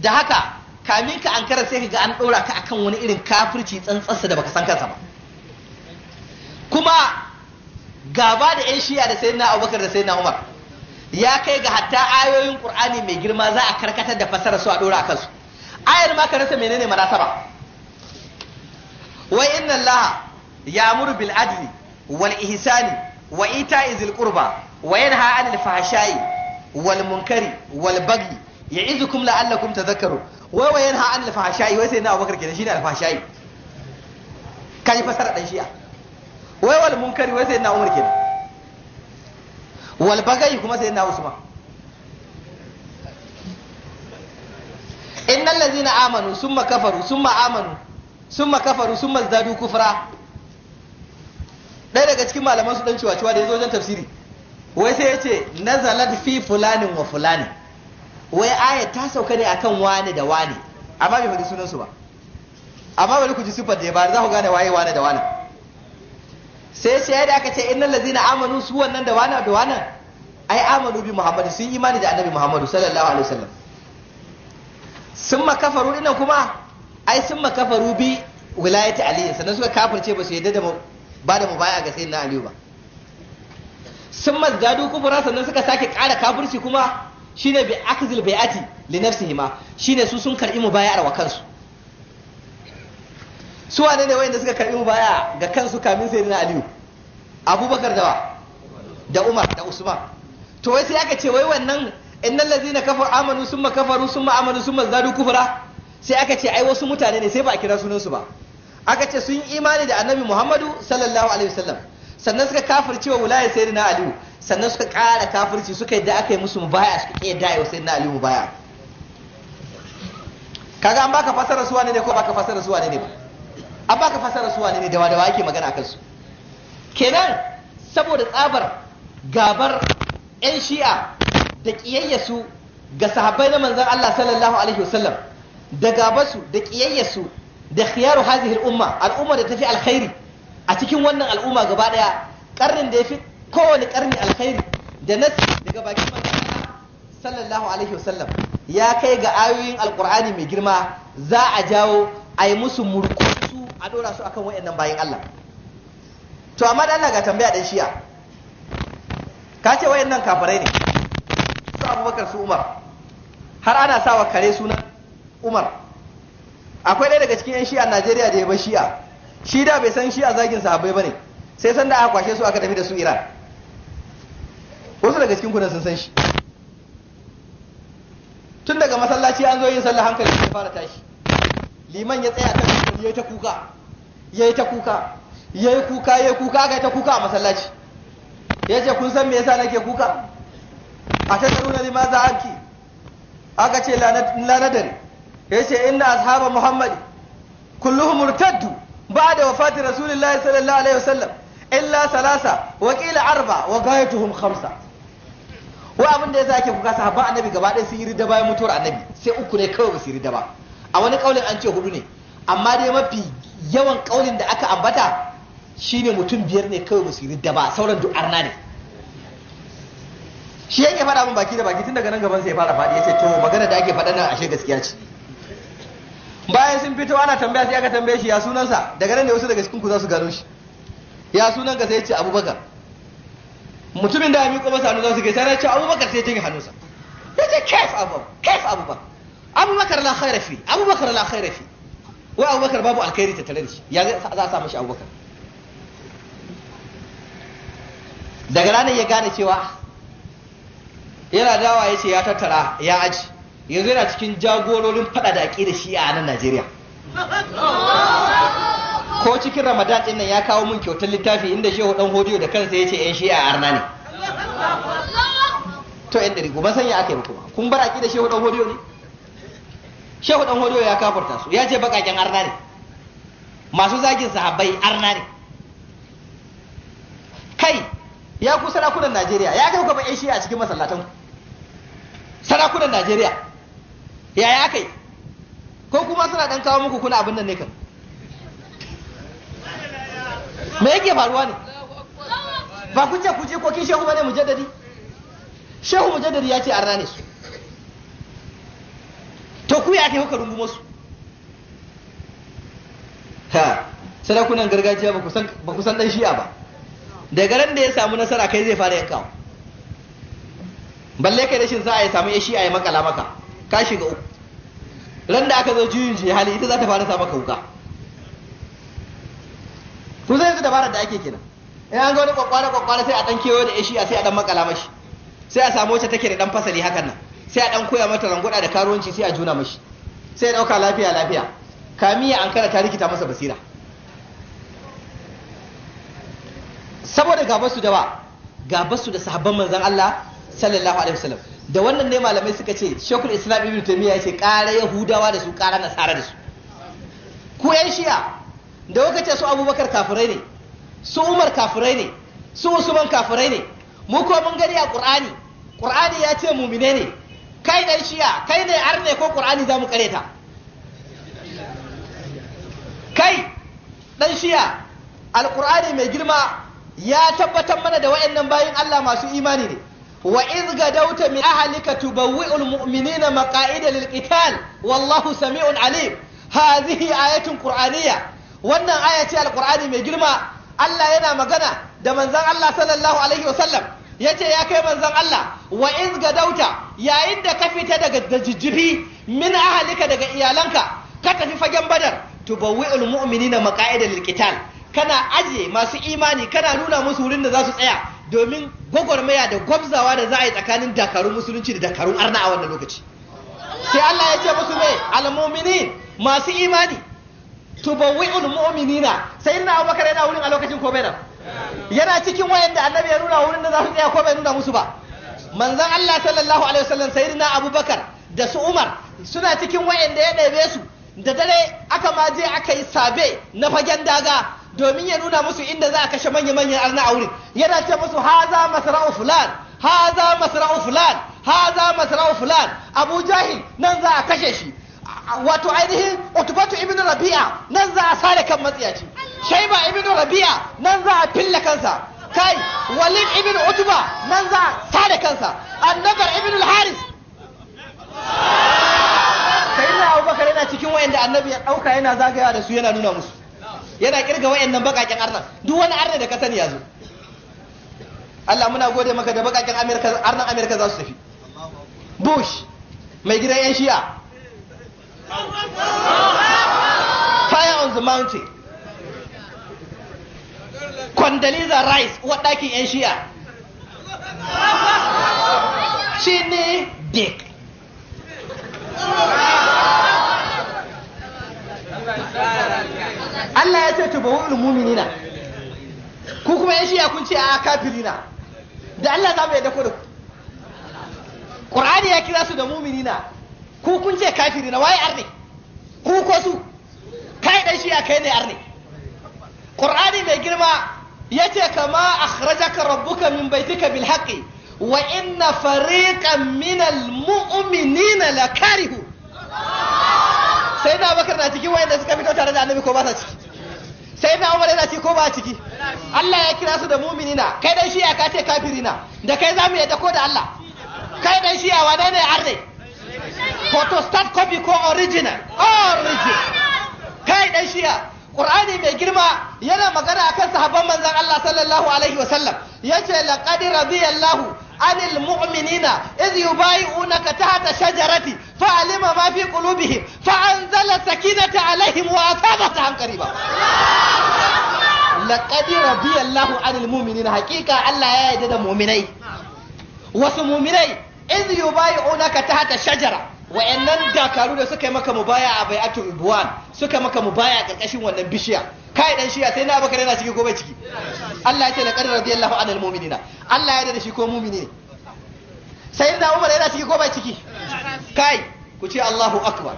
da haka kamin ka ankara sai ka ga an ɗora ka akan wani irin kafirci tsantsansa, da baka san kansa ba kuma gaba da yan shiya da sayyidina abubakar da sayyidina umar ya kai ga hatta ayoyin qur'ani mai girma za a karkatar da fasara su a ɗora kansu ayar ma ka rasa menene marasaba wa inna allaha ya'muru bil adli wal ihsani wa ita'i zil qurba wa yanha 'anil fahsha'i wal munkari wal bagyi ya'izukum la'allakum tadhakkarun wai wa yanha 'anil fahsha'i wai sai na Abubakar kenan shine al fahsha'i kai fasara dan shi'a wai wal munkari wai sai na Umar kenan wal kuma sai na amanu amanu kufra ɗaya daga cikin malaman su ɗan cewa da ya zo wajen tafsiri wai sai ya ce nazalat fi fulanin wa fulani. wai aya ta sauka ne akan wani da wani amma bai faɗi sunan su ba amma bari ku ji sifar da ya bari za ku gane waye wani da wani sai sai da aka ce innal ladzina amanu su wannan da wani da wani ai amanu bi muhammadu sun imani da annabi muhammadu sallallahu alaihi wasallam sun makafaru dinnan kuma ai sun makafaru bi wilayati ali sannan suka kafirce ba su yadda da ba da mubaya ga sayyidina aliyu ba sun mazdadu kufura sannan suka sake ƙara kafirci kuma shine bi akzil bai'ati li ma shine su sun karbi mubayar wa kansu su wane ne wayanda suka karbi mubaya ga kansu kamin sayyidina aliyu abubakar dawa da umar da usman to wai sai aka ce wai wannan innal ladzina kafaru amanu summa kafaru summa amanu summa zadu kufra sai aka ce ai wasu mutane ne sai ba a kira sunan su ba aka ce sun imani da annabi muhammadu sallallahu alaihi wasallam sannan suka kafirce wa wulayar sayyidina aliyu sannan suka kara kafirci suka yadda aka yi musu mubaya suka ke da yau sayyidina aliyu mubaya kaga an baka fasara suwa ne ko baka fasara suwa ne ba an baka fasara suwa ne da wadawa ake magana akan su kenan saboda tsabar gabar yan shi'a da kiyayya su ga sahabbai na manzon Allah sallallahu alaihi wasallam da su da kiyayya su da khiyaru hadhihi al-umma al'umma da tafi alkhairi a cikin wannan al'umma gaba daya karnin da yafi kowane karni alkhairi da nasi daga bakin manzon sallallahu alaihi wasallam ya kai ga ayoyin alqur'ani mai girma za a jawo a yi musu murkusu a dora su akan wayannan bayin Allah to amma dan Allah ga tambaya dan shiya ka ce wayannan kafirai ne su Abubakar su Umar har ana sawa kare sunan Umar akwai ɗaya daga cikin 'yan shi'a Najeriya da ya bar shi'a shi da bai san shi'a zagin sahabbai bane sai san da aka kwashe su aka tafi da su Iran wasu daga cikin kudan sun san shi tun daga masallaci an zo yin sallah hankali sai fara tashi liman ya tsaya kan shi yayi ta kuka yayi ta kuka yayi kuka yayi kuka aka yi ta kuka a masallaci ya ce kun san me yasa nake kuka a ta za a anki aka ce lanadari yace inna ashaba muhammad kulluhum murtaddu ba'da wafati rasulillahi sallallahu alaihi wasallam illa salasa wa qila arba wa ghayatuhum khamsa wa abin da yasa ake kuka sahabban annabi gaba ɗaya sun yi ridda bayan mutuwar annabi sai uku ne kawai ba su yi ridda ba a wani kaulin an ce hudu ne amma dai mafi yawan kaulin da aka ambata shine mutum biyar ne kawai ba su yi ridda ba sauran duk arna ne shi yake faɗa min baki da baki tun daga nan gaban sai ya fara faɗi ya ce to magana da ake faɗa nan ashe gaskiya ce bayan sun fito ana tambaya sai aka tambaye shi ya sunansa daga nan ne wasu daga cikin ku za su gano shi ya sunanka sai ya ce abubakar mutumin da ya miƙo masa hannu za su sai na ce abubakar sai ya tinye hannunsa ya ce kaif abu kaif abubakar abubakar la khaira fi abubakar la khaira fi wai abubakar babu alkhairi ta tare da shi ya za a sa mashi abubakar daga ranar ya gane cewa yana dawa ya ce ya tattara ya aji yanzu yana cikin jagororin fada da da shi a nan Najeriya ko cikin Ramadan ɗin nan ya kawo mun kyautar littafi inda Shehu dan Hodiyo da kansa yace yan shi'a arna ne to yan ɗari, ban san ya aka yi kuma kun bar aƙida Shehu dan Hodiyo ne Shehu dan Hodiyo ya kafurta su ya ce baƙaƙen arna ne masu zagin sahabbai arna ne kai ya ku sarakunan Najeriya ya kai kuma yan shi'a cikin masallatan sarakunan Najeriya yaya aka yi ko kuma suna dan kawo muku kuna abin nan ne kan me yake faruwa ne ba ku ce ku je kokin shehu bane mujaddadi shehu mujaddadi ya ce arna ne su to ku ya kai kuka rungumo su ha sarakunan gargajiya ba ku ba ɗan dan shi'a ba daga ran da ya samu nasara kai zai fara yankawa balle kai rashin za a yi samu ya shi'a ya makala maka ka shiga uku ran da aka zo juyin juyi hali ita za ta fara sa ka wuka kun sai yanzu dabarar da ake kenan in an ga wani kwakwara kwakwara sai a dan kewo da ishi a sai a dan makala mashi sai a samu wacce take da dan fasali hakan nan sai a dan koya mata ranguda da karuwanci sai a juna mashi sai a dauka lafiya lafiya kamiya an kara ta rikita masa basira saboda gabasu da ba gabasu da sahabban manzon Allah sallallahu alaihi wasallam da wannan ne malamai suka ce shekul islam ibn Taimiyya ya ce kara yahudawa da su ƙara nasara da su ku yan shi'a da waka ce su abubakar kafirai ne su umar kafirai ne su usman kafirai ne mu ko mun gani a qur'ani ƙur'ani ya ce mumine ne kai ɗan shiya, kai ne arne ko ƙur'ani za mu kare ta? kai dan shi'a alqur'ani mai girma ya tabbatar mana da waɗannan bayan Allah masu imani ne wa idh gadawta min ahlika tubawwi'ul mu'minina maqa'ida lil wallahu sami'un alim hadhihi ayatun qur'aniyya wannan aya ce mai girma Allah yana magana da manzon Allah sallallahu alaihi wasallam ya kai manzan Allah wa idh yayin da ka fita daga jijjifi min ahalika daga iyalanka ka tafi fagen badar tubawwi'ul mu'minina maqa'ida kana ajiye masu imani kana nuna musu wurin da za su tsaya domin gwagwarmaya da gwamzawa da za a yi tsakanin dakarun musulunci da dakarun arna a wannan lokaci sai Allah ya ce musu ne almominin masu imani tubawwi'ul mu'minina sai ina abubakar yana wurin a lokacin ko nan yana cikin wayan annabi ya nuna wurin da za su tsaya ko bai nuna musu ba manzon Allah sallallahu alaihi wasallam sayyidina abubakar da su umar suna cikin wayanda ya ɗebe su da dare aka ma je aka yi sabe na fagen daga domin ya nuna musu inda za a kashe manya-manyan arna a wurin yana ce musu haza masarau fulan haza masarau fulan haza masarau fulan abu jahil nan za a kashe shi wato ainihin utubatu Ibn rabi'a nan za a sare kan matsiyaci shaiba Ibn rabi'a nan za a fille kansa kai walid Ibn utuba nan za a sare kansa annabar ibnu haris sayyidina abubakar yana cikin wayanda annabi ya dauka yana zagaya da su yana nuna musu yana kirga wayannan bakakin arna duk wani arna da ka sani yazo Allah muna gode maka da bakakin Amerika arna Amerika za su tafi Bush mai gidan yan shi'a fire on the mountain Condoleezza Rice waɗakin yan shi'a shi ne dick Allah ya ce to ba tubawul mu'minina ku kuma yan shiya kun ce a kafirina da Allah za mu yadda ku da ku Qur'ani ya kira su da mu'minina ku kun ce kafirina waye arne ku ko su kai dan shiya kai ne arne Qur'ani mai girma ya ce kama akhrajaka rabbuka min baitika bil haqqi wa inna fariqan minal mu'minina lakarihu sai na bakar na cikin wayanda suka fito tare da annabi ko ba sa ciki sai na umar yana ciki ko ba ciki Allah ya kira su da muminina kai dan shi'a ka ce kafirina da kai za mu yadda ko da Allah kai dan ya wa ne arne photostat copy ko original original kai dan ya. Qur'ani mai girma yana magana akan sahabban manzon Allah sallallahu alaihi wasallam yace laqad radiyallahu anil mu'minina iz yubayi'unaka tahta shajarati fa'alima ma fi qulubihim fa'anzala sakinata alaihim wa asabata qariba laqad radiyallahu anil mu'minina hakika Allah ya yarda da mu'minai wasu mu'minai iz yubayi'unaka tahta shajara wa'annan dakaru da suka yi maka mubaya a bai atu buwan suka maka mubaya ƙarƙashin wannan bishiya kai dan shiya sai na abakar yana ciki ko bai ciki Allah ya ce laqad radiyallahu anil mu'minina Allah ya yarda shi ko mu'mini ne sai da Umar yana ciki ko bai ciki kai ku ce Allahu akbar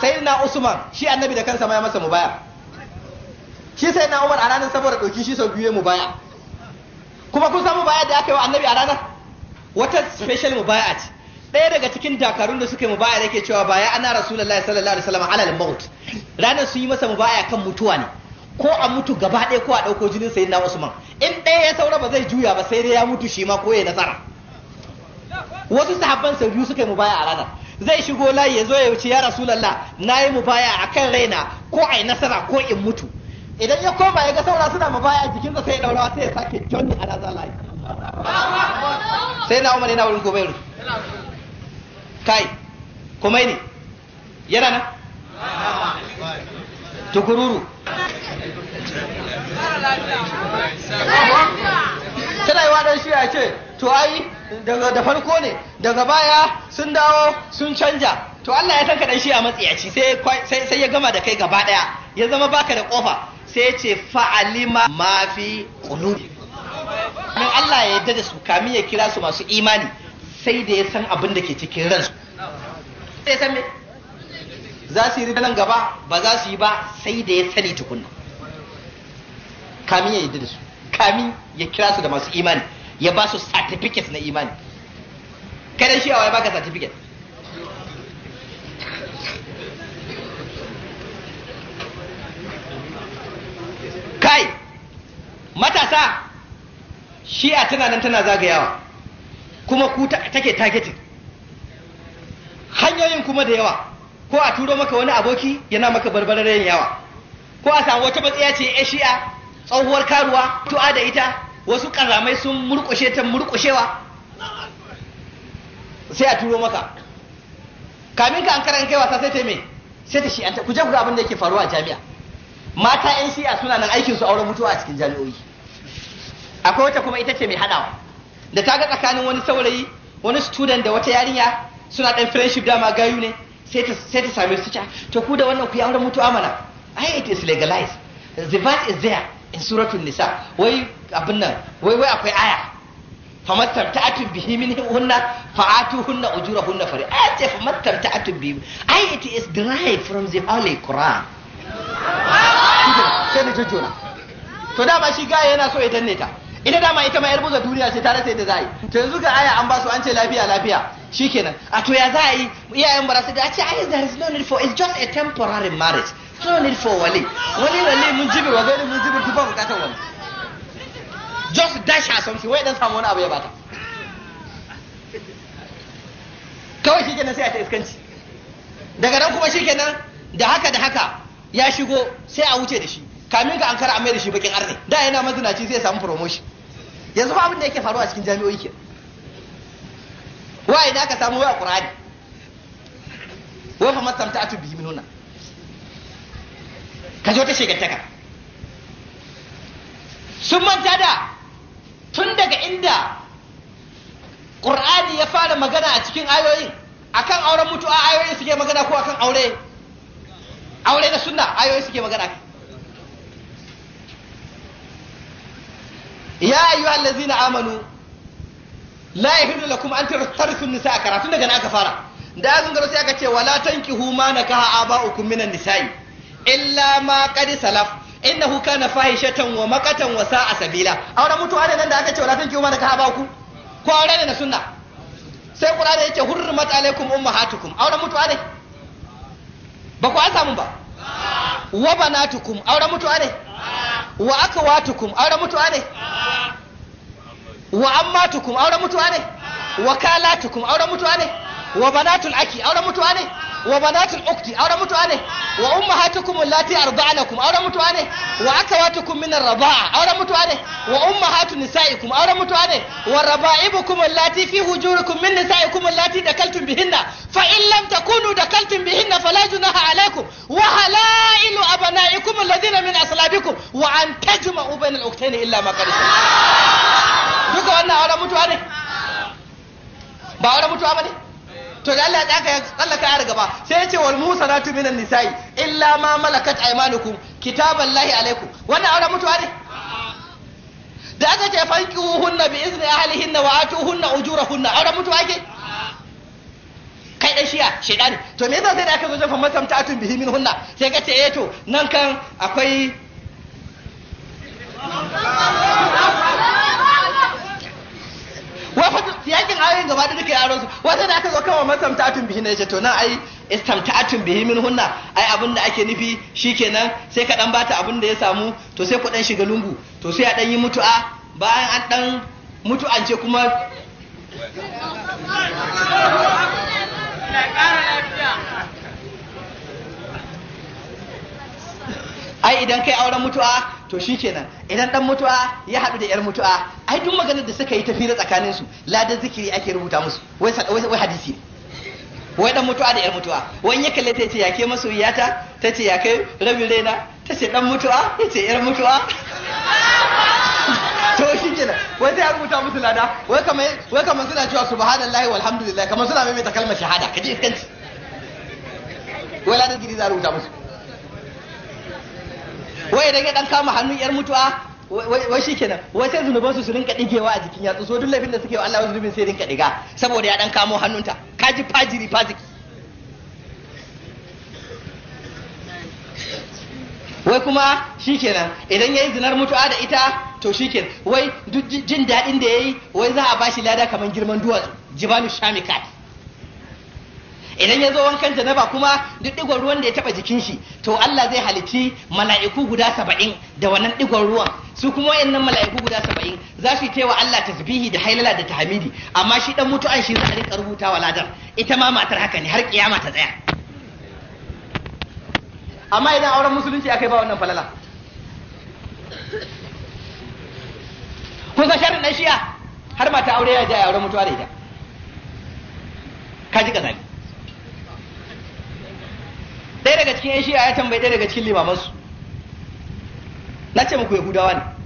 sai na Usman shi annabi da kansa ma ya masa mubaya shi sai na Umar a ranar saboda doki shi sau biyu mubaya kuma kun san mubaya da aka yi wa annabi a ranar wata special mubaya ce ɗaya daga cikin dakarun da suka yi mubaya ke cewa baya ana ya sallallahu alaihi wasallam alal maut ranar sun yi masa mubaya kan mutuwa ne ko a mutu gaba ɗaya ko a ɗauko jinin sayyidina Usman in ɗaya ya saura ba zai juya ba sai dai ya mutu shi ma ko ya nasara wasu sahabban sau biyu suka yi mubaya a ranar zai shigo layi ya zo ya wuce ya rasulallah na yi mubaya a kan raina ko a yi nasara ko in mutu idan ya koma ya ga saura suna mubaya jikinsa sai ya daura sai ya sake johnny a ranar layi sai na umar yana wurin gobe kai komai ne yana nan tukururu tana yi wa shi ya ce to ai da farko ne daga baya sun dawo sun canja to Allah ya tanka shi a matsiyaci sai ya gama da kai gaba ɗaya, ya zama baka da ƙofa, sai ya ce fa'alima mafi fi Allah ya yarda da su kamin ya kira su masu imani sai da ya san abin da ke cikin ransu sai san me za su yi nan gaba ba za su yi ba sai da ya sani tukunna Kami ya yi da su Kami ya kira su da masu imani ya ba su satifiket na imani kada shi awa ya baka certificate kai matasa shi tana nan tana zagayawa kuma ku take targeting hanyoyin kuma da yawa ko a turo maka wani aboki yana maka barbarar yin yawa ko a samu wata matsaya ce ya shi'a tsohuwar karuwa tu'a da ita wasu karamai sun murƙushe ta murƙushewa? sai a turo maka kamin ka an karan kai wasa sai ta me sai ta shi'anta ku je ku ga abin da yake faruwa a jami'a mata yan shi'a suna nan aikin su auren mutuwa a cikin jami'o'i akwai wata kuma ita ce mai hadawa da ta ga tsakanin wani saurayi wani student da wata yarinya suna dan friendship dama gayu ne sai ta sami suca, same su ah, to ku da wannan ku yi auren mutu amana, ai it is legalized the verse is there in suratul nisa wai abin nan wai wai akwai aya famattar atu bihi min hunna atu hunna ujura hunna fari aya ce fa famattar atu bihi ai it is derived from the holy quran sai na jojjona to da shi gaya yana so ya danne ta ita dama ita ma yar buza duniya sai ta rasa yadda za a yi to yanzu ga aya an ba su an ce lafiya lafiya shikenan a to ya za a yi iyayen ba su da a ce ai there is no need for it's just a temporary marriage no need for wali wali wali mun jibi wa gani mun jibi tufa bukatar wani just dash her something wai dan samu wani abu ya bata kawai shikenan sai a ta iskanci daga nan kuma shikenan da haka da haka ya shigo sai a wuce da shi kamin ka an kara a mai da shi bakin arne da yana mazinaci zai samu promotion yanzu ba abin da yake faruwa a cikin jami'o'i ke wa da aka samu waya qur'ani wa fa masamta atu bihi minuna ka zo ta taka sun manta da tun daga inda qur'ani ya fara magana a cikin ayoyin akan auren a ayoyin suke magana ko akan aure aure na sunna ayoyin suke magana ya ayyuha allazina amanu la yahillu lakum an nisa nisaa karatun daga na aka fara da azun gaba sai aka ce wala tankihu ma aba uku minan nisa'i illa ma qad salaf innahu kana fahishatan wa maqatan wa sa'a sabila auren mutuwa ne nan da aka ce wala tankihu ma aba uku, ko aure ne na sunna sai qur'ani yake hurrimat alaikum ummahatukum auren mutuwa ne ba ku an samu ba wa banatukum auren mutuwa ne wa aka kum auren mutuwa ne wa ammatukum auren mutuwa ne wa kala tukum auren mutuwa ne wa banatul aki auren mutuwa ne وبنات الأخت أرى متواني وأمهاتكم التي أرضعنكم أرى متواني وأكواتكم من الرضاعة أرى متواني وأمهات نسائكم أرى متواني والربائبكم التي في هجوركم من نسائكم التي دكلتم بهن فإن لم تكونوا دكلتم بهن فلا جناها عليكم وهلائل أبنائكم الذين من أصلابكم وأن تجمعوا بين الأختين إلا ما قد سنة دوكو أنا أرى متواني با أرى متواني to da Allah ya tsaka ya tsallaka a gaba sai ya ce wal musa na minan nisa'i illa ma malakat aymanukum kitaballahi alaikum wannan auren mutuwa ne da aka ce fankihuhunna bi izni ahlihinna wa atuhunna ujurahunna auren mutuwa ke kai dan shiya shedani to me yasa da aka zo jafa masamta atun bihi min hunna sai ka ce eh to nan kan akwai wai fa siyakin ayoyin gaba da duka yaron su wata da aka zo kama masamtatun bihi ne ce to nan ai istamta'atun bihi min hunna ai abin da ake nufi shikenan sai ka dan bata abin da ya samu to sai ku dan shiga lungu to sai a dan yi mutu'a bayan an dan mutu'an kuma ai idan kai auren mutu'a to shikenan idan dan mutu'a ya haɗu da yar mutu'a ai duk maganar da suka yi ta fira tsakanin su ladan zikiri ake rubuta musu wai wai hadisi wai dan mutu'a da yar mutu'a wani ya kalle ta ce ya ke masoyiyata ta ce ya kai rabin raina ta ce dan mutu'a ya ce yar mutu'a (laughs) to shikenan wai sai ya rubuta musu lada wai kamar wai kamar suna cewa subhanallahi walhamdulillah kamar suna mai takalma shahada kaje iskanci wai ladan zikiri za a rubuta musu wai idan ya dan kama hannun yar mutuwa wai shi kenan wai sai zunubansu su rinka digewa a jikin yatsu so duk laifin da suke wa Allah zunubin sai rinka diga saboda ya dan kamo hannunta kaji fajiri faziki wai kuma shikenan idan yayi zinar mutu'a da ita to kenan wai duk jin daɗin da yayi wai za a bashi lada kamar girman duwatsu jibanu shamikat idan ya zo wankan janaba kuma duk digon ruwan da ya taba jikin shi to Allah zai halici mala'iku guda saba'in da wannan digon ruwan su kuma wayannan mala'iku guda saba'in za su yi wa Allah tasbihi da hailala da tahmidi amma shi dan mutu'an shi za a rinka rubuta wa ladar ita ma matar haka ne har kiyama ta tsaya amma idan auren musulunci akai ba wannan falala kun san sharri na shiya har mata aure ya ja ya mutuwa da ita ka ji kazali ɗaya daga cikin yan shi'a ya tambayi ɗaya daga cikin limamansu na ce muku yahudawa ne